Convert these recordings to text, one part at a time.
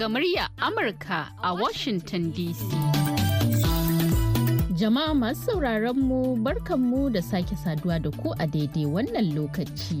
daga murya Amurka a Washington DC. Jama'a masu sauraron mu barkanmu da sake saduwa da ku a daidai wannan lokaci.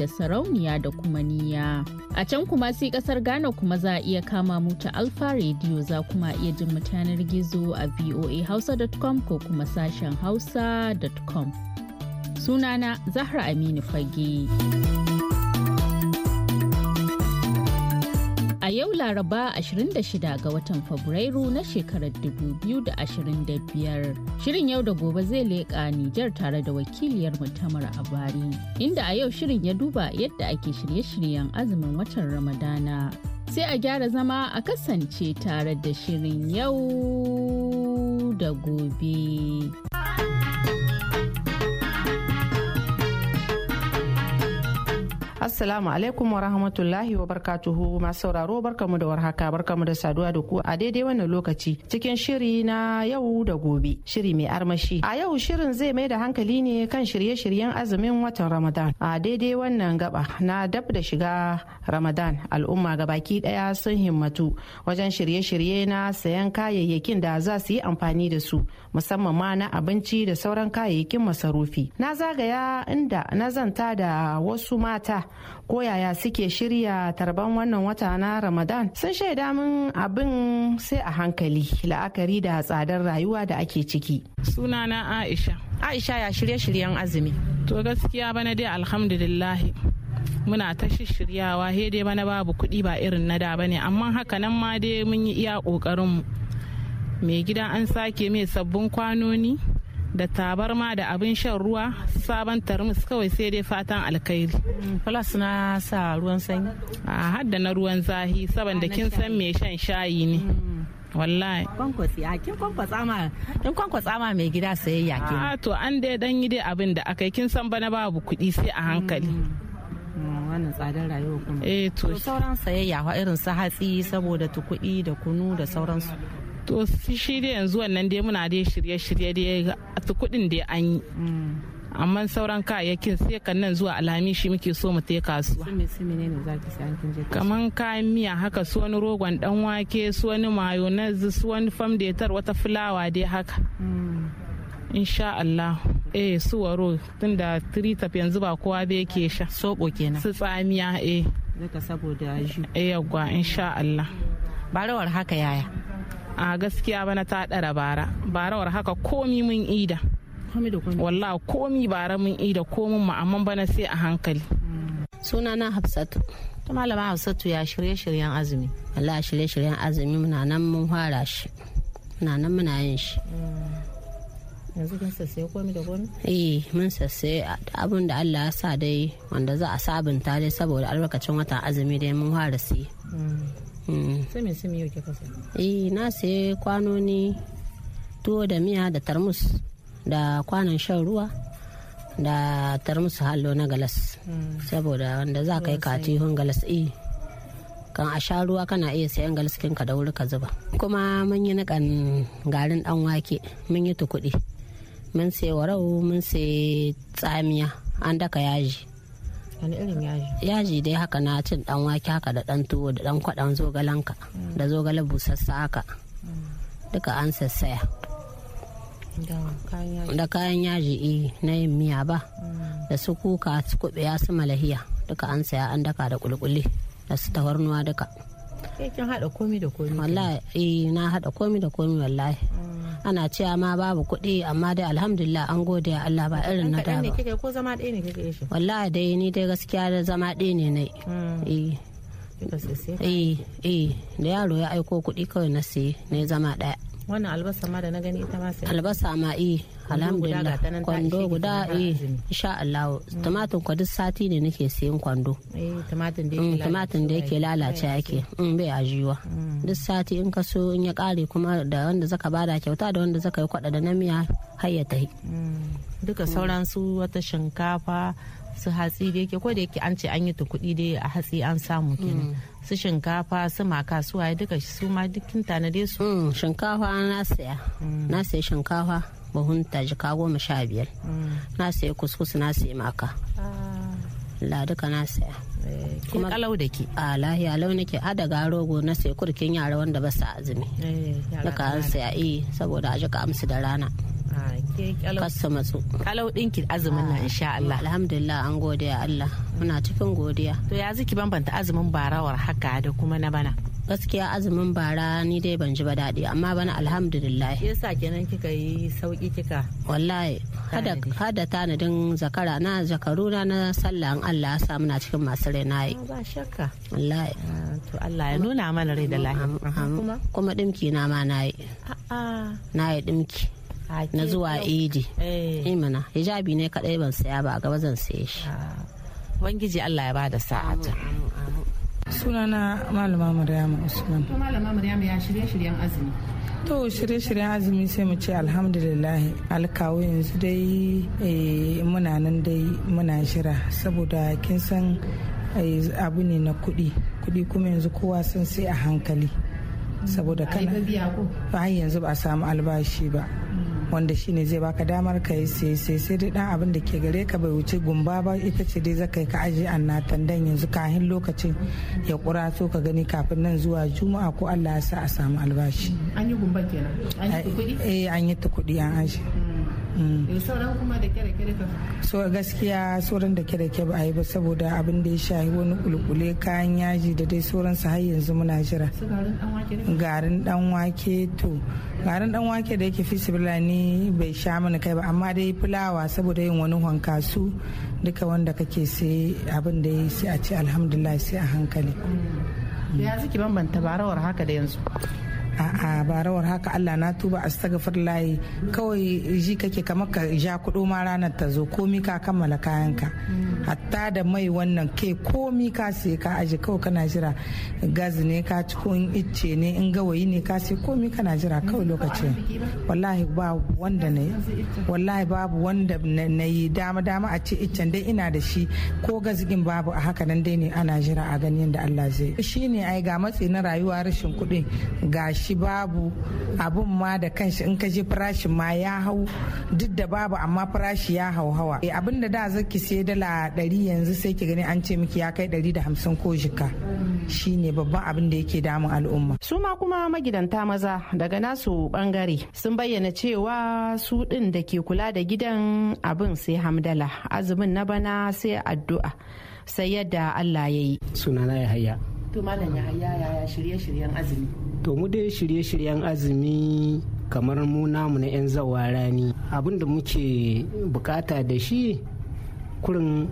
da sarauniya da kuma niya. A can kuma sai kasar Ghana kuma za a iya kama mu ta Alfa Radio za kuma iya jin mutanen gizo a voahausa.com ko kuma sashen hausa.com. Sunana Zahra Aminu Fage. a yau Laraba 26 ga watan Fabrairu na shekarar 2025. Shirin yau da gobe zai leƙa Nijar tare da wakiliyar mutamar a bari, inda a yau shirin ya duba yadda ake shirye-shiryen azumin watan Ramadana. Sai a gyara zama a kasance tare da shirin yau da gobe. Assalamu alaikum wa rahmatullahi wa barkatuhu masu sauraro barkamu da warhaka barkamu da saduwa da ku a daidai wannan lokaci cikin shiri na yau da gobe shiri mai armashi. A yau shirin zai mai da hankali ne kan shirye-shiryen azumin watan Ramadan. A daidai wannan gaba na dab da shiga Ramadan al'umma ga baki daya sun himmatu wajen shirye-shirye na sayan kayayyakin da za su yi amfani da su musamman ma na abinci da sauran kayayyakin masarufi. Na zagaya inda na zanta da wasu mata ko yaya suke shirya tarban wannan wata na ramadan sun shaida min abin sai a hankali la'akari da tsadar rayuwa da ake ciki sunana aisha aisha ya shirye-shiryen azumi to gaskiya bana dai alhamdulillahi muna ta shiryawa he dai bana babu kuɗi ba irin na da bane amma haka nan ma dai mun yi iya ƙoƙarinmu mai gida an sake mai sabbin kwanoni da tabarma da abin shan ruwa sabon tarmus kawai sai dai fatan alkhairi. Plus na sa ruwan sanyi? A hadda na ruwan zahi saboda kin san mai shan shayi ne. Mm. wallahi kwankwatsi a kin kwankwatsa ma kwankwatsa ma mai gida sayayya ke a to an dai dan yi dai abin da yi kin san bana babu kuɗi sai a hankali mm. Mm, wannan tsadar rayuwa kuma eh to sauran sayayya irin su hatsi saboda tukuɗi da kunu da sauransu to shi dai yanzu wannan dai muna da shirye-shirye da dai kuɗin da an yi mm. amma sauran kayayyakin sai kan nan zuwa alhami shi muke so mu tai kasuwa kaman kayan miya haka su wani rogon dan wake su wani mayonnaise su wani fam wata fulawa dai haka mm. insha Allah eh su waro tunda tritap yanzu ba kowa bai ke sha sobo kenan su tsamiya eh saboda ji eh yagwa insha Allah barawar haka yaya a gaskiya bana ta ɗara bara barawar haka komi mun ida wallah komi bara mun ida komin mu amma bana sai a hankali sunana hafsatu ta malama hafsatu ya shirye-shiryen azumi Allah shirye-shiryen azumi muna nan mun fara shi muna nan muna yin shi yanzu kun sassaye komi da komi? eh mun sassaye abin da Allah ya sa dai wanda za a sabunta dai saboda albarkacin watan azumi dai mun fara siye mm. Sami eh, na sayi kwanoni tuwo da miya da tarmus da kwanon shan ruwa da tarmus hallo na galas hmm. saboda wanda za ka yi katihun galas eh kan a sha ruwa kana iya sayan galas kinka da wuri ka zuba kuma mun yi nikan garin dan wake mun yi tukudi mun sai warau mun sai tsamiya an daka yaji wani irin yaji yaji dai haka na cin dan wake haka da dan tuwo da dan kwadan zogalanka mm. da zogale busassa haka mm. duka an sassaya da kayan yaji eh na yin miya ba mm. da su kuka su ya su malahiya duka an saya an daka da kulkuli da su tawarnuwa duka kin hada komi da komi wallahi eh na haɗa komi da komi wallahi ana cewa ma babu kuɗi amma dai alhamdulillah an gode Allah ba irin na da ba ko zama ɗaya ne shi wallahi dai ni dai gaskiya da zama ɗaya ne nai hmm. eh. eh eh da yaro ya aiko kuɗi kawai na siye ne zama ɗaya wannan albasa ma da na gani ita ma sai albasa ma eh alhamdulillah kwando guda eh insha Allah mm. tumatir ko duk sati ne nake sayan kwando eh, tumatir da yake mm, lalace yake in mm, bai ajiyuwa duk sati in ka so in ya kare kuma da wanda zaka bada kyauta da wanda zaka yi kwada da na miya har ya tahi duka sauran su wata shinkafa su hatsi da yake ko da yake an ce an yi ta kuɗi dai a hatsi an samu kenan su shinkafa su maka su waye duka su ma dukkin tanade su shinkafa na saya na saya shinkafa buhunta jika goma sha biyar mm. na sayi kuskus na sayi maka ah. la duka na saya eh, kuma kalau da ke a ah, lahiya lau nake a ah, daga rogo na sai kurkin yara wanda ba sa azumi eh, duka an saya eh saboda a jika amsu da rana kasa matsu kalau dinki azumin na insha Allah alhamdulillah an godiya Allah muna cikin godiya to ya ziki bambanta azumin barawar haka da kuma na bana gaskiya azumin bara ni dai ban ji ba daɗi amma bana alhamdulillah yasa kenan kika yi sauki kika wallahi hada hada tanadin zakara na zakaru na na sallah an Allah ya sa muna cikin masu rai nayi ah, ba shakka wallahi ah, to Allah ya nuna mana rai da lahi. kuma dimki na ma nayi Na nayi dimki ah, na zuwa idi eh. imana hijabi ne kadai ban saya ba a gaba zan saye shi wangiji Allah ya bada sa'a sunana malama maryama usman to malama maryama ya shirye-shiryen azumi to shirye-shiryen azumi sai mu ce alhamdulillah alkawo yanzu dai eh, muna nan dai muna shira saboda kin san eh, abu ne na kuɗi kuɗi kuma yanzu kowa sun sai a hankali saboda kana ba yanzu ba a samu albashi ba mm. wanda shine zai baka damar ka yi sai sai dai dan abin da ke gare ka bai wuce gumba ba ita ce dai zaka yi ka aje annatan tandan yanzu kahin lokacin ya kurato ka gani kafin nan zuwa juma'a ko Allah ya sa a samu albashi an yi gumba kenan an yi kuɗi eh an yi ta kuɗi an aje Mm. Eh, sauran kuma da kere kere gaskiya sauran da kere ba a yi ba saboda abin da ya shahi wani kulkule kayan yaji da dai su har yanzu muna jira garin dan wake to garin dan wake da yake fisibila ni bai sha mana kai ba amma dai fulawa saboda yin wani su duka wanda kake sai abin da ya sai a ce alhamdulillah sai a hankali mm. ya suke bambanta barawar haka da yanzu a'a ba rawar haka Allah na tuba a astaghfir layi kawai ji kake kamar ka ja kudu ma ranar ta zo komi ka kammala kayanka hatta da mai wannan ke komi ka sai ka aji kawai kana jira gas ne ka ci ko in icce ne in gawayi ne ka sai komi kana jira kawai lokacin wallahi babu wanda na wallahi babu wanda na yi dama dama a ce iccen dai ina da shi ko gazgin babu a haka nan dai ne ana jira a ganin da Allah zai shine ai ga matsi na rayuwa rashin kuɗin gashi farashi babu abun ma da kanshi in ka je farashin ma ya hau duk da babu amma farashi ya hau hawa eh, abin da da zaki sai dala ɗari yanzu sai ki gani an ce miki ya kai ɗari da hamsin ko jika shine babban abin da yake damun al'umma su ma kuma magidanta maza daga nasu bangare sun bayyana cewa su ɗin da ke kula da gidan abin sai hamdala azumin na bana sai addu'a sai yadda Allah ya yi sunana ya haya to malam ya yaya shirye-shiryen azumi to mu dai shirye-shiryen azumi kamar mu namu na 'yan rani abin da muke bukata da shi kurin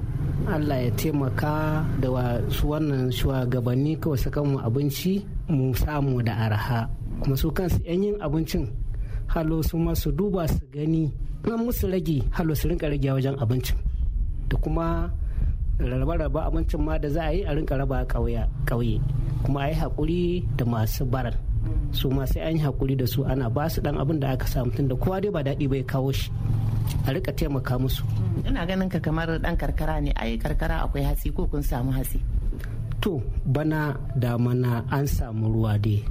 allah ya taimaka da wasu wannan shugabanni kawai su mu abinci mu samu da araha kuma su kansu 'yan yin abincin halo su masu duba su gani an musu rage halo su rinka rage wajen abincin da kuma rarraba abincin ma da za a yi a rinka raba ƙauye kuma a yi haƙuri da masu baran su ma sai an yi haƙuri da su ana ba su ɗan abin da aka samu tun da kowa dai ba daɗi bai kawo shi a rika taimaka musu mm, ina ganin ka kamar dan karkara ne ai karkara akwai hatsi ko kun samu hatsi to bana da mana an samu ruwa dai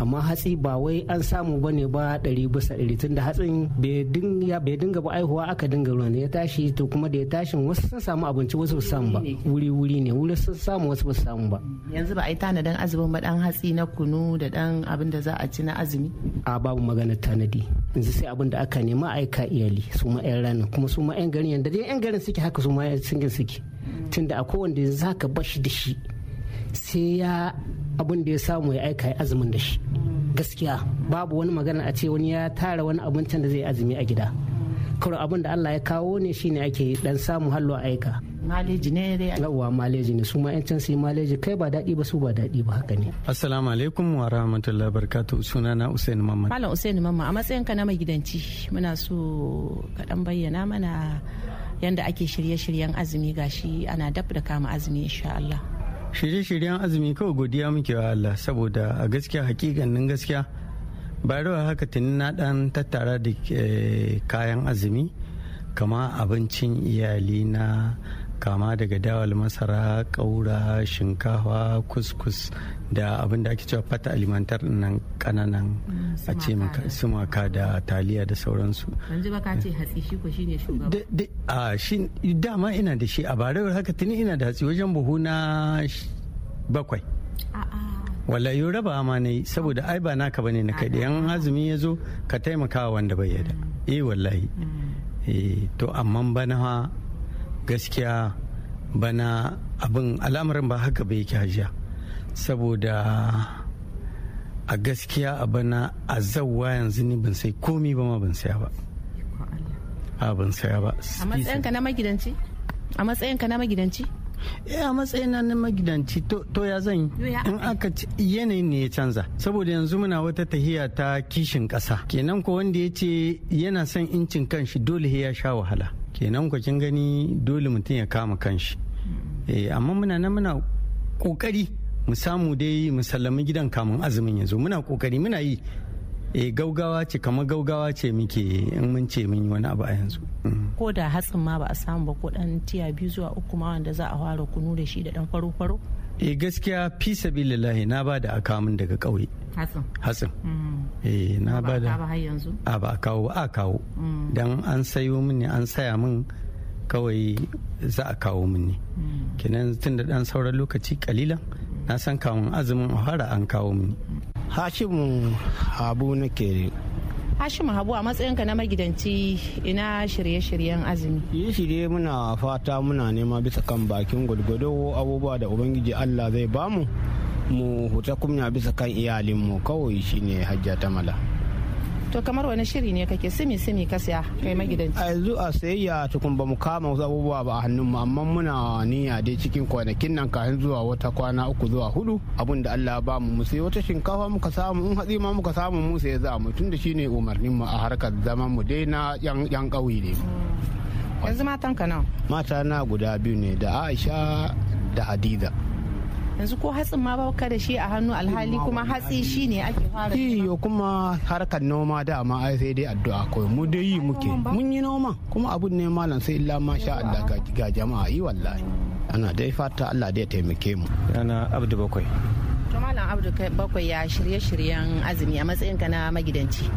amma hatsi ba wai an samu ba ne ba ɗari bisa ɗari tunda hatsin bai dinga ba aihuwa aka dinga ruwan ya tashi to kuma da ya tashin wasu sun samu abinci wasu samu ba wuri wuri ne wuri sun samu wasu basu samu ba yanzu ba a yi tanadin azumin ba dan hatsi na kunu da dan abin da za a ci na azumi a babu magana tanadi yanzu sai abin da aka nema a aika iyali su ma yan ranar kuma su ma yan garin yanda dai yan garin suke haka su ma yan singin suke tunda a kowanne za ka bashi da shi sai ya abin da ya samu ya aika ya azumin da shi gaskiya babu wani magana a ce wani ya tara wani abincin da zai azumi a gida kawai abin da Allah ya kawo ne shine ake dan samu hallo a aika maleji ne dai yawwa maleji ne su ma yancin su maleji kai ba daɗi ba su ba daɗi ba haka ne assalamu alaikum wa rahmatullahi barakatuh suna na usaini mamman malam usaini mamman a matsayin ka na gidanci muna so ka dan bayyana mana yanda ake shirye-shiryen azumi gashi ana dab da kama azumi insha Allah shirye-shiryen azumi kawai godiya muke wa Allah saboda a gaskiya hakikanin gaskiya ba rawa haka tuni na dan tattara da eh, kayan azumi kama abincin iyali na kama daga dawal masara ƙaura shinkafa kuskus da abin da ake cewa fata alimantar nan kananan a ce sumaka da taliya da sauransu yanzu ba ka ce shi a shi dama ina da shi a bare haka tuni ina da hatsi wajen buhu na bakwai wala yau raba ma ne saboda ai ba naka bane na kai yan azumi ya zo ka taimaka wanda bai yada mm. eh wallahi mm. eh, to amma bana gaskiya bana abin al'amarin ba haka bai yake hajiya saboda a gaskiya a bana a zauwa yanzu ni ban sai komi ba ma ban saya ba a ban saya ba a matsayinka na magidanci a matsayinka na magidanci eh a matsayin na magidanci to ya zan yi in aka yanayin ne ya canza saboda yanzu muna wata tahiya ta kishin ƙasa kenan ko wanda ya ce yana son incin kanshi dole ya sha wahala kenan ku kin gani dole mutum ya kama kanshi eh, amma muna nan muna kokari mu samu dai mu sallami gidan kamun azumin yanzu muna kokari muna yi e gaugawa ce kamar gaugawa ce muke in mun ce mun yi wani abu a yanzu mm. ko da hatsin ma ba a samu ba ko dan tiya biyu zuwa uku ma wanda za a fara kunu da shi da dan faro faro eh gaskiya fi lalahi mm. eh, na ba da akamun daga ƙauye hasin na ba da a ba a kawo ba a kawo mm. don an sayo mini an saya min kawai za a kawo mini mm. kenan tun da ɗan sauran lokaci kalilan na san kawun azumin a an kawo mini hashim habu nake Hashim Habu a matsayinka na magidanci ina shirye-shiryen azumi. Yi shirye muna fata muna nema bisa kan bakin gwadgwado abubuwa da Ubangiji Allah zai bamu mu huta kumya bisa kan iyalinmu kawai shine hajja ta mala. to kamar wani shiri ne kake simi simi ka siya kai magidanci a yanzu a sayayya tukun ba mu kama wasu abubuwa ba a hannun mu amma muna niyya dai cikin kwanakin nan kafin zuwa wata kwana uku zuwa hudu abin da Allah ba mu sai wata shinkafa muka samu in hatsi ma muka samu mu sai za mu tunda shine umarnin mu a harkar zaman mu dai na yan kauye ne yanzu matan ka nawa mata na guda biyu ne da Aisha da Hadiza yanzu ko hatsin ma baka da shi a hannu alhali kuma hatsi shi ne ake fara iyo kuma harkar noma da amma ai sai dai addu'a kawai mu dai yi muke mun yi noma kuma abun ne malam sai illa ma sha Allah ga jama'a yi wallahi ana dai fata Allah dai taimake mu ana abdu bakwai malam abdu bakwai ya shirye-shiryen azumi a matsayin ka na magidanci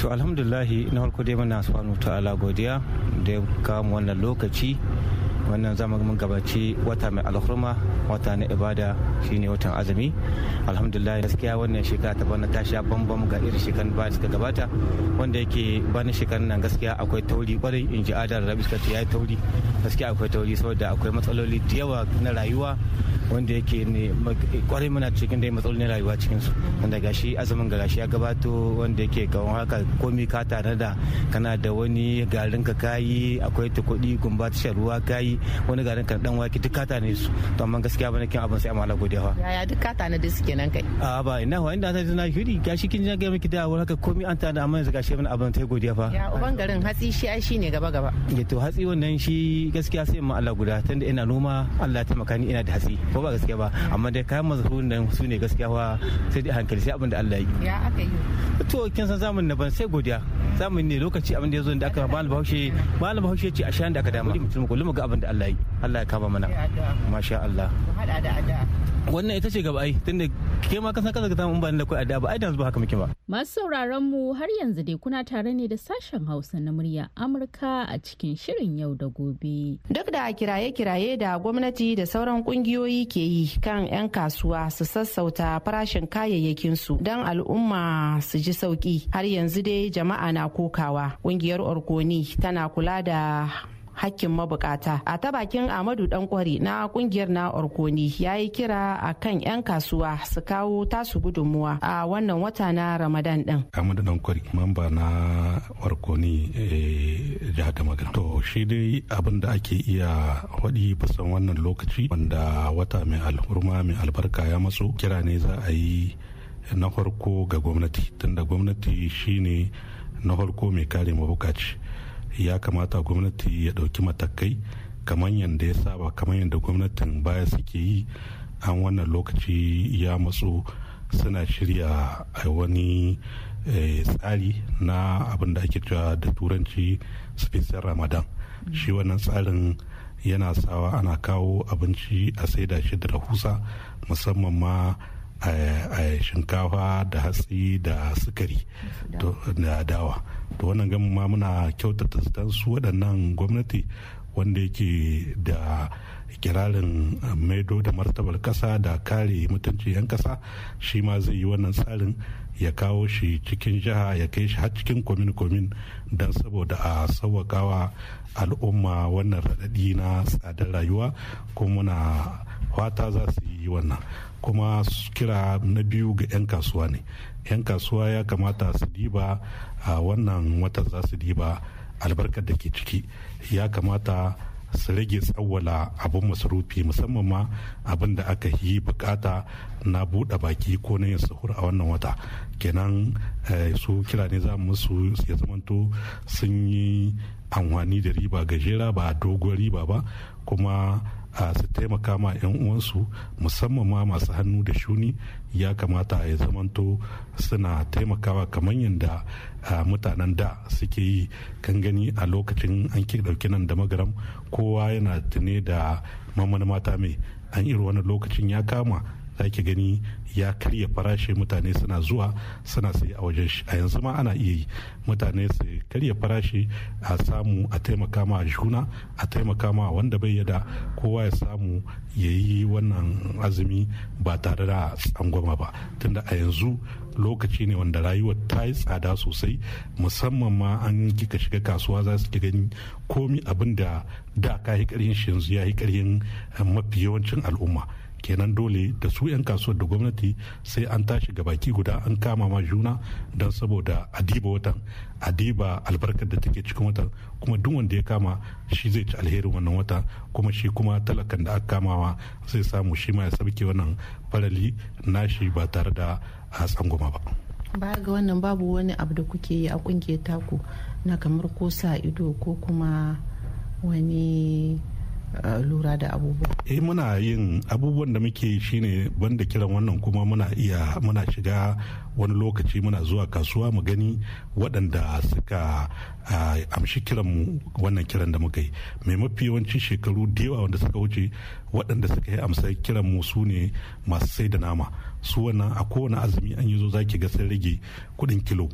to alhamdulillah na farko dai muna subhanahu ta'ala godiya da ya kawo wannan lokaci wannan zama mun gabaci wata mai alhurma wata na ibada shine watan azumi alhamdulillah gaskiya wannan shekara ta bana ta sha bambam ga irin shekarun ba suka gabata wanda yake bana shekarun nan gaskiya akwai tauri kwarai in ji adar rabi ta ce ya tauri gaskiya akwai tauri saboda akwai matsaloli da yawa na rayuwa wanda yake ne kwarai muna cikin dai na rayuwa cikin su wanda gashi azumin ga gashi ya gabato wanda yake ga haka komi ka tare da kana da wani garin ka kayi akwai ta kuɗi gumba ta ruwa kayi wani garin kan dan wake duk kata ne su to amma gaskiya bane kin abin sai Allah godiya fa yaya duk kata ne duk nan kai a ba ina wa inda sai na shiri gashi kin ga miki da wani haka komai an tada amma yanzu gashi mun abin sai godiya fa ya uban garin hatsi shi ai shine gaba gaba ya to hatsi wannan shi gaskiya sai amma Allah guda tunda ina noma Allah ya taimaka ni ina da hatsi ko ba gaskiya ba amma dai kayan mazhurin nan su ne gaskiya fa sai dai hankali sai abin da Allah ya yi ya aka yi to kin san zamun na ban sai godiya zamun ne lokaci abin da yazo inda aka malam Bahaushe malam Bahaushe ce a shan da aka dama mutum lumu ga abin da Allah yi Allah ya kama mana masha Allah wannan ita ce gaba ai tunda ke ma kasan kasa ta mun da kai ba ai da ba haka muke ba masu sauraron mu har yanzu dai kuna tare ne da sashen Hausa na murya Amurka a cikin shirin yau da gobe duk da kiraye-kiraye da gwamnati da sauran kungiyoyi ke yi kan 'yan kasuwa su sassauta farashin kayayyakin su don al'umma su ji sauki har yanzu dai jama'a na kokawa kungiyar orkoni tana kula da hakkin mabukata a ta bakin amadu dankwari na kungiyar na orkoni ya yi kira a kan 'yan kasuwa su kawo tasu gudunmuwa a wannan wata na ramadan din amadu dankwari mamba na orkoni eh, jihar da magana to shi dai abin da ake iya haɗi basan wannan lokaci wanda wata mai alhurma mai albarka ya matso kira ne za a yi na farko ga gwamnati tunda gwamnati shine na farko mai kare mabukaci ya kamata gwamnati ya ɗauki matakai kamar yadda ya saba kamar yadda gwamnatin baya suke yi an wannan lokaci ya matsu suna shirya a wani eh, tsari na abin da ake cewa da turanci special ramadan shi wannan tsarin yana sawa ana kawo abinci a saida shi da rahusa musamman ma a eh, eh, shinkafa da hatsi da sukari da dawa da wannan gama ma muna kyautata zaton su waɗannan gwamnati wanda yake da kirarin maido da martabar ƙasa da kare mutunci 'yan ƙasa shi ma zai yi wannan tsarin ya kawo shi cikin jiha ya kai shi har cikin komin-komin don saboda a sauwaƙawa al'umma wannan raɗaɗi na tsadar rayuwa kuma muna fata za su yi wannan kuma kira na biyu ga 'yan kasuwa ne 'yan kasuwa ya kamata su diba a wannan watan za su diba albarkar da ke ciki ya kamata su rage tsawwala abin masarufi musamman ma abin da aka yi bukata na buɗe baki ko na yin sahur a wannan wata kenan su kira ne za musu ya zamanto sun yi amfani da riba gajera ba doguwar riba ba kuma a su taimaka ma 'yan uwansu musamman ma masu hannu da shuni ya kamata ya zamanto suna taimakawa kamar yadda mutanen da suke yi kan gani a lokacin an ke dauki nan da magaram kowa yana tune da mamman mata mai an iri wani lokacin ya kama za ki gani ya karya farashi mutane suna zuwa suna sayi a wajen shi a yanzu ma ana iya yi mutane su karya farashi a samu a taimaka ma juna a taimaka ma wanda bai yada kowa ya samu ya yi wannan azumi ba tare da tsangwama ba tunda a yanzu lokaci ne wanda rayuwar ta yi tsada sosai musamman ma an kika shiga kasuwa za su gani komi abin da da ka yi karyin shi yanzu ya yi karyin eh, mafi yawancin al'umma kenan dole da su 'yan kasuwar da gwamnati sai an tashi ga baki guda an kama ma juna don saboda adiba watan adiba albarkar da take cikin watan kuma duk wanda ya kama shi zai ci alheri wannan wata kuma shi kuma talakan da aka kamawa zai samu shi ma ya sabke wannan farali nashi ba tare da a tsangwama ba baya ga wannan babu wani abu da kuke yi a kungiyar taku na kamar ko sa ido ko kuma wani lura da abubuwa eh muna yin abubuwan da muke shine banda kiran wannan kuma muna iya muna shiga wani lokaci muna zuwa kasuwa mu gani waɗanda suka amshi kiran mu wannan kiran da muka yi mai mafi yawanci shekaru da yawa wanda suka wuce waɗanda suka yi amsa kiran mu su ne masu sai da nama su wannan a kowane azumi an yi zo zaki ga sai rage kuɗin kilo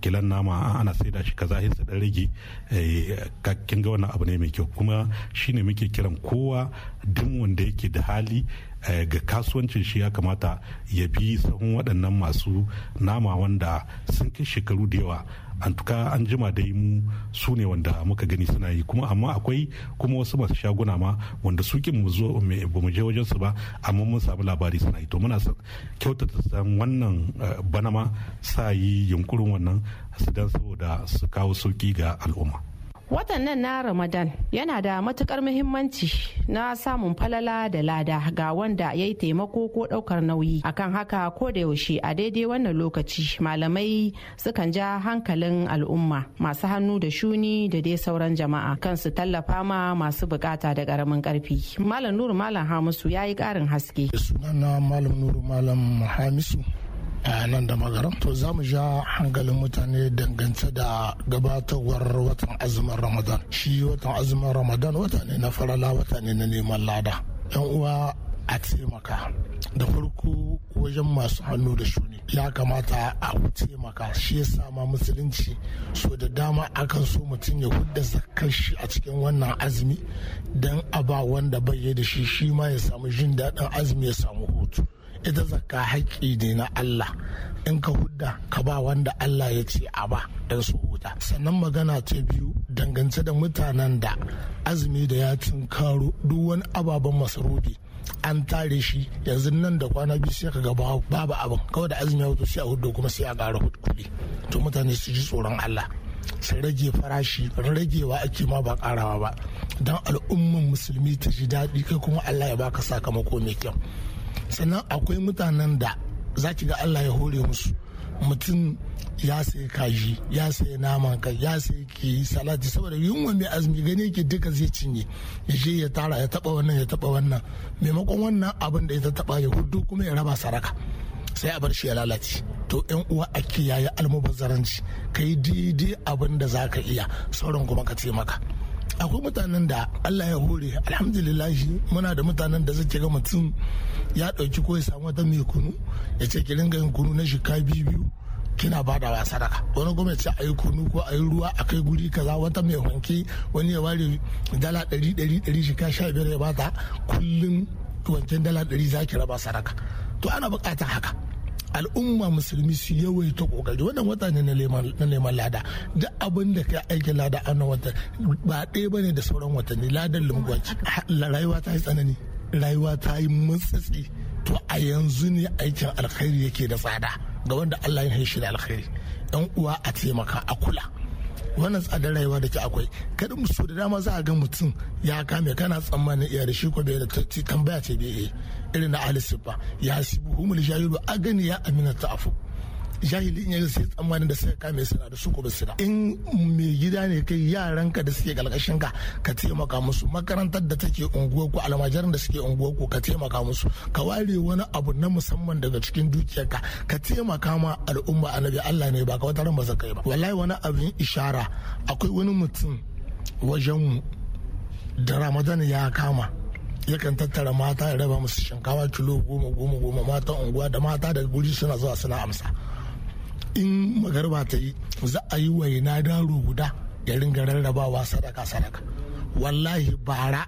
kilan nama ana saida shi kaza sai dan rage eh, kin ga wannan abu ne mai kyau kuma shine muke kiran kowa duk wanda yake da hali eh, ga kasuwancin shi ya kamata ya bi sahun waɗannan masu nama wanda sun kai shekaru da yawa an tuka an jima dai mu su ne wanda muka gani suna yi kuma amma akwai kuma wasu masu shaguna ma wanda su kin mu zo ba mu je wajen su ba amma mun samu labari suna yi to muna kyautata san wannan eh, bana ma sa yi yunkurin wannan su dan saboda su kawo sauki ga al'umma Watan nan na Ramadan yana da matukar muhimmanci na samun falala da lada ga wanda ya yi taimako ko daukar nauyi. Akan haka ko da yaushe a daidai wannan lokaci malamai sukan ja hankalin al'umma masu hannu da shuni da dai sauran jama'a kan su tallafa ma masu bukata da karamin karfi. Malam Nuru Malam Hamisu ya yi karin haske. Sunana Malam Nuru Malam Hamisu nan da magaran to za mu ja hankalin mutane dangance da gabatarwar watan azumin ramadan shi watan azumin ramadan wata ne na farala wata ne na neman lada yan uwa a taimaka da farko wajen masu hannu da shuni ya kamata a taimaka shi ya sama musulunci so da dama akan so mutum ya hudda zakar shi a cikin wannan azumi don a ba wanda bai da shi shi ma ya samu jin daɗin azumi ya samu hutu ita zakka haƙƙi ne na Allah in ka hudda ka ba wanda Allah ya ce a ba don su huta sannan magana ta biyu dangance da mutanen da azumi da ya karo duk wani ababen masarufi an tare shi yanzu nan da kwana biyu sai ka gaba babu abin kawai da azumi ya sai a hudu kuma sai a gara kuɗi to mutane su ji tsoron Allah su rage farashi ragewa ake ma ba karawa ba don al'umman musulmi ta ji daɗi kai kuma Allah ya baka sakamako mai kyau sannan akwai mutanen da za ki ga allah ya hore musu mutum ya sayi kaji ya sayi naman kai ya sayi ki salati saboda yunwa mai azumi gani yake duka zai cinye ya je ya tara ya taba wannan ya taba wannan maimakon wannan abin da ya taba ya hudu kuma ya raba saraka sai a bar shi ya lalace to yan uwa a kiyaye almubazzaranci kai daidai abin da za ka iya sauran kuma ka ce maka akwai mutanen da Allah ya hore alhamdulillah muna da mutanen da zai ga mutum ya ɗauki ko ya samu wata mai kunu ya ce ki ringa yin kunu na shika biyu biyu kina ba da sadaka wani wani ce a yi kunu ko a yi ruwa a kai guri kaza wata mai wanki wani ya ware dala ɗari ɗari ɗari shika sha biyar ya bata kullum wancan dala ɗari za ki raba sadaka to ana buƙatar haka al'umma musulmi su yawaita kokari wannan wata ne na neman lada duk abin da ka aikin lada a wannan wata ba ɗaya ba ne da sauran watanni ladan lungwaci rayuwa ta yi tsanani rayuwa ta yi matsatsi to a yanzu ne aikin alkhairi yake da tsada ga wanda Allah ya shi da alkhairi yan uwa a taimaka a kula wannan tsadar rayuwa da ke akwai kada mu so da dama za a ga mutum ya kame kana tsammanin iya da shi ko bai da tambaya ce bai irin na alisibba ya sibu humul a gani ya amina afu jahili in ya sai tsammanin da suka kame suna da su ba suna in mai gida ne kai yaran ka da suke galgashin ka ka taimaka musu makarantar da take unguwar ku almajiran da suke unguwar ku ka taimaka musu ka ware wani abu na musamman daga cikin dukiyarka ka taimaka ma al'umma annabi Allah ne ba ka wata ran ba kai ba wallahi wani abin ishara akwai wani mutum wajenmu da ramadan ya kama yakan tattara mata ya raba musu shinkawa kilo goma goma goma mata unguwa da mata daga guri suna zuwa suna amsa in magarba ta yi za a yi waina daro guda ya ringa rarrabawa sadaka sadaka wallahi bara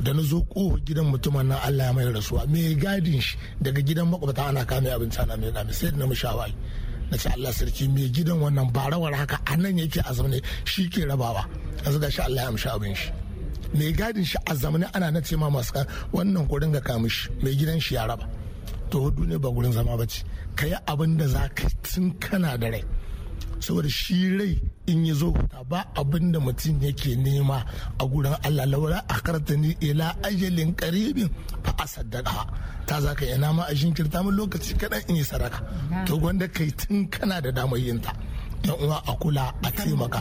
da na zo kofa gidan mutumin nan Allah ya mai rasuwa me gadin shi daga gidan makwabta ana kame abinci ana mai sai na mushawai na ce Allah sarki me gidan wannan barawar haka a nan yake a zamane shi ke rabawa yanzu ga shi Allah ya mushi abin shi me gadin shi a zamane ana na ce ma masu wannan ku ringa kamishi mai gidan shi ya raba to ne ba gurin zama ba ce ka yi abin da za ka tun kana da rai saboda shi rai in yi zo huta ba abin da mutum yake nema a gurin Allah laura a karta ni ila ajalin karibin fa a saddaka ta za ka yana ma a shinkirta min lokaci kaɗan in yi saraka to gwanda kai tun kana da damar yin ta yan uwa a kula a taimaka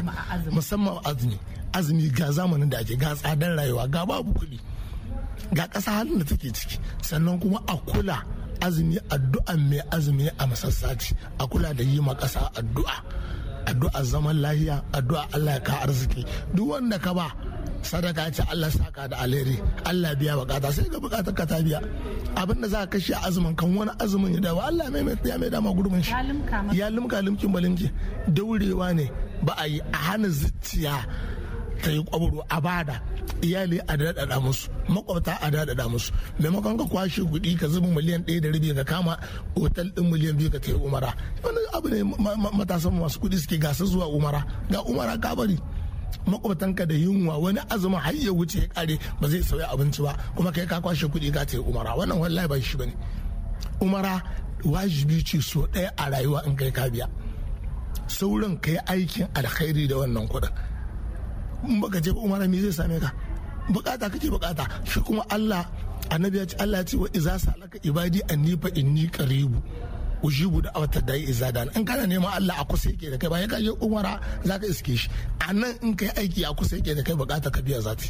musamman azumi azumi ga zamanin da ake ga tsadar rayuwa ga babu kuɗi ga ƙasa halin da take ciki sannan kuma a kula azumi addu'a mai azumi a masassaci a kula da yi ma ƙasa addu'a addu'a zaman lahiya addu'a Allah ya ka arziki duk wanda ka ba sadaka ce Allah saka da alheri Allah biya bukata sai ga bukatar ka ta biya abin da za ka kashe azumin kan wani azumin ya dawo Allah mai mai ya mai dama gurbin shi ya limka limkin balinki daurewa ne ba a yi a hana zuciya ta yi kwaburo a bada iyali a daɗaɗa musu makwabta a daɗaɗa musu maimakon ka kwashe kuɗi ka zuba miliyan ɗaya da rabi ka kama otal ɗin miliyan biyu ka ta yi umara wani abu ne matasan masu kuɗi suke gasa zuwa umara ga umara ka bari makwabtanka da yunwa wani azumin har ya wuce ya kare ba zai sauya abinci ba kuma kai ka kwashe kuɗi ka ta yi umara wannan wallahi ba shi ne umara wajibi ce so ɗaya a rayuwa in kai ka biya sauran kai aikin alkhairi da wannan kuɗin in baka je ba umara me zai same ka bukata kake bukata shi kuma Allah annabi ya ce Allah ya ce wa iza salaka ibadi anni fa inni qaribu ujibu da awata da yi izadan in kana neman Allah a kusa yake da kai bayan ka je umara zaka iske shi a nan in kai aiki a kusa yake da kai bukata ka biya zati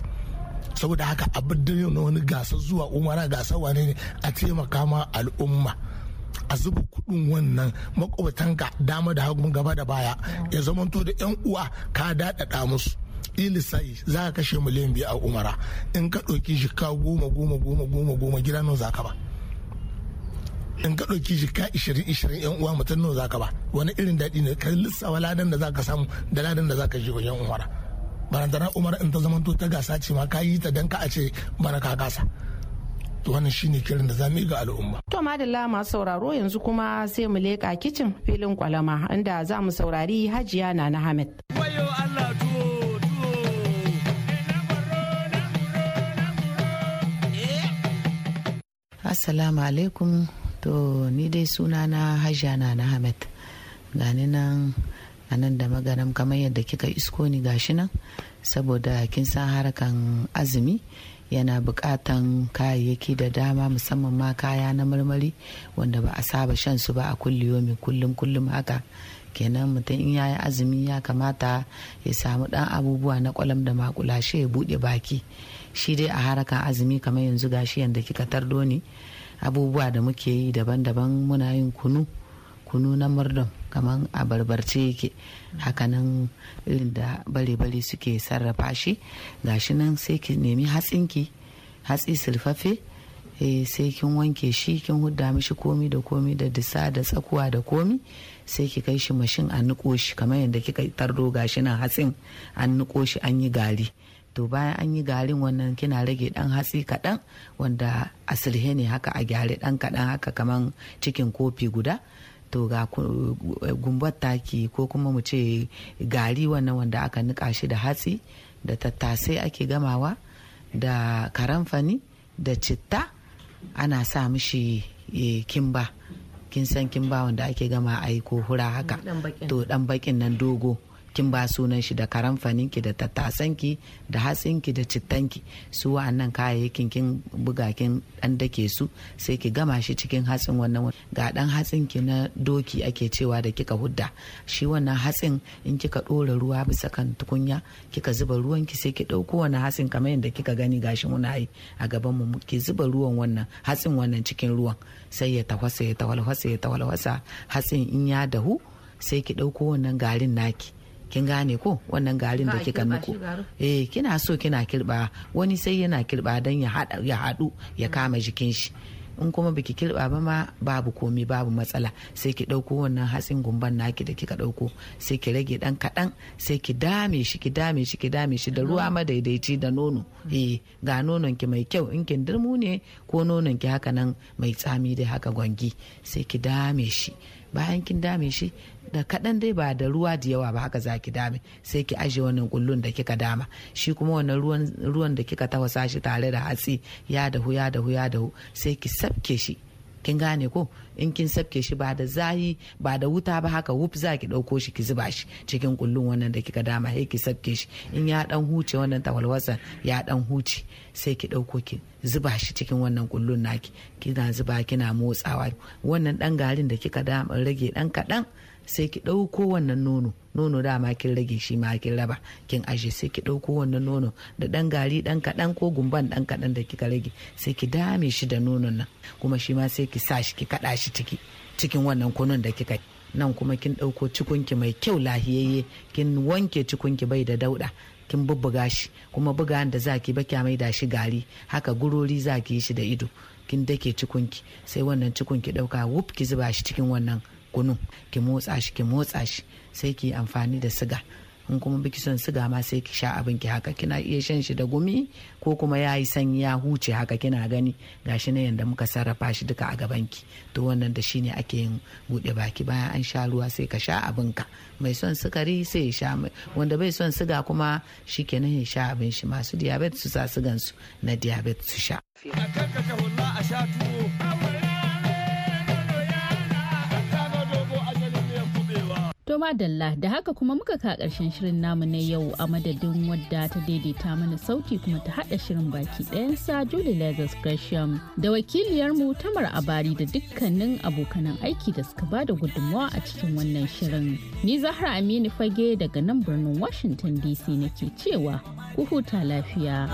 saboda haka abin da na wani gasa zuwa umara gasa wane ne a taimaka ma al'umma a zuba kudin wannan makwabtanka dama da hagun gaba da baya ya zamanto da yan uwa ka daɗaɗa musu ilisayi za ka kashe miliyan biyu a umara in ka ɗauki ka goma goma goma goma goma gida nawa za ka ba in ka ɗauki ka ishirin ishirin yan uwa mutum nawa za ka ba wani irin daɗi ne ka lissawa ladan da za ka samu da ladan da za ka shi wajen umara barantana umara in ta zamanto ta gasa ce ma ka yi ta dan ka a ce bana ka gasa to wannan shine kiran da zamu yi ga al'umma. To madalla masu sauraro yanzu kuma sai mu leƙa kicin filin kwalama inda za mu saurari Hajiya na Hamid. Allah assalamu alaikum to ni dai suna na hajjana na hamad gani nan a nan da magaram kamar yadda kika isko ni gashi nan saboda kin san harkan azumi yana bukatan kayayyaki da dama musamman ma kaya na marmari wanda ba a saba shan su ba a kulliyomi kullum kullum haka kenan mutum in yayi azumi ya kamata ya samu dan abubuwa na kwalam da makulashe ya bude baki shi dai a harakan azumi kamar yanzu gashi yadda kika tardo ni abubuwa da muke yi daban-daban muna yin kunu kunu na murdom kamar a barbarce yake hakanan irin da bare-bare suke sarrafa shi gashi nan sai ki nemi hatsinki hatsi sulfafe eh, sai kin wanke shi kin hudda mishi komi da komi da disa da tsakuwa da komi sai ki kai shi mashin an niko shi kamar yadda kika tardo gashi nan hatsin an niko shi an yi gari to bayan an yi garin wannan kina rage dan hatsi kaɗan wanda asirhe ne haka a gyare dan kaɗan haka kaman cikin kofi guda to ga gumbar taki ko kuma mu ce gari wannan wanda aka nika shi da hatsi da tattasai ake gamawa da karamfani da citta ana sa mishi e, kimba kin san kimba wanda ake gama a ko hura haka to dan bakin nan dogo kin ba sunan shi da karamfaninki da tattasanki da hatsinki da cittanki su wa'annan kayayyakin kin buga kin dan dake su sai ki gama shi cikin hatsin wannan ga dan hatsin na doki ake cewa da kika hudda shi wannan hatsin in kika dora ruwa bisa kan tukunya kika zuba ruwan ki sai ki dauko wannan hatsin kamar yadda kika gani gashi muna yi a gaban mu ki zuba ruwan wannan hatsin wannan cikin ruwan sai ya tafasa ya tawalwasa ya tawalwasa hatsin in ya dahu sai ki dauko wannan garin naki kin gane ko wannan garin da kika nuku eh kina so kina kirba wani sai yana kirba dan ya hada ya hadu ya mm. kama jikin shi in kuma biki kirba ba ma babu komi babu matsala sai ki dauko wannan hatsin gumban naki da kika dauko sai ki rage dan kadan sai ki dame shi ki dame shi ki dame shi da ruwa madaidaici da nono mm. eh ga nonon ki mai kyau in kin dirmu ne ko nonon ki haka nan mai tsami dai haka gwangi sai ki dame shi bayan kin dame shi da kaɗan dai ba da ruwa da yawa ba haka za ki dame sai ki aje wani kullun da kika dama shi kuma wani ruwan da kika tafasa shi tare da hatsi ya dahu ya dahu ya dahu sai ki sabke shi kin gane ko in kin sabke shi ba da zayi ba da wuta ba haka wuf za ki ɗauko shi ki zuba shi cikin kullun wannan da kika dama sai ki sabke shi in ya dan huce wannan tawalwasan ya dan huce sai ki ɗauko ki zuba shi cikin wannan kullun naki kina zuba kina motsawa wannan dan garin da kika dama rage dan kaɗan sai ki ɗauko wannan nono nono dama kin rage shi ma kin raba kin aje sai ki ɗauko wannan nono da ɗan gari ɗan kaɗan ko gumban ɗan kaɗan da kika rage sai ki dame shi da nonon nan kuma shi ma sai ki sa shi ki kaɗa shi ciki cikin wannan kunun da kika nan kuma kin ɗauko cikunki mai kyau lahiyayye kin wanke cikunki bai da dauɗa kin bubbuga shi kuma buga da za zaki baki mai da shi gari haka gurori zaki yi shi da ido kin dake cikunki sai wannan cikunki ɗauka wuf ki zuba shi cikin wannan kunun ki motsa shi ki motsa shi sai ki amfani da siga in kuma biki son siga ma sai ki sha abin ki haka kina iya shan shi da gumi ko kuma ya yi sanyi ya huce haka kina gani gashi na yanda muka sarrafa shi duka a gaban ki to wannan da shine ake yin bude baki bayan an sha ruwa sai ka sha abin ka mai son sukari sai ya sha wanda bai son siga kuma shi kenan ya sha abin shi masu diabetes su sa sigan su na diabetes su sha. To madalla da haka kuma muka ka karshen shirin namu na yau a madadin wadda ta daidaita mana sauti kuma ta haɗa shirin baki ɗayansa Julie Lazarus Gresham da wakiliyarmu Tamar Abari da dukkanin abokanan aiki da suka ba da gudunmawa a cikin wannan shirin. Ni Zahra Aminu Fage daga nan birnin Washington DC nake cewa ku huta lafiya.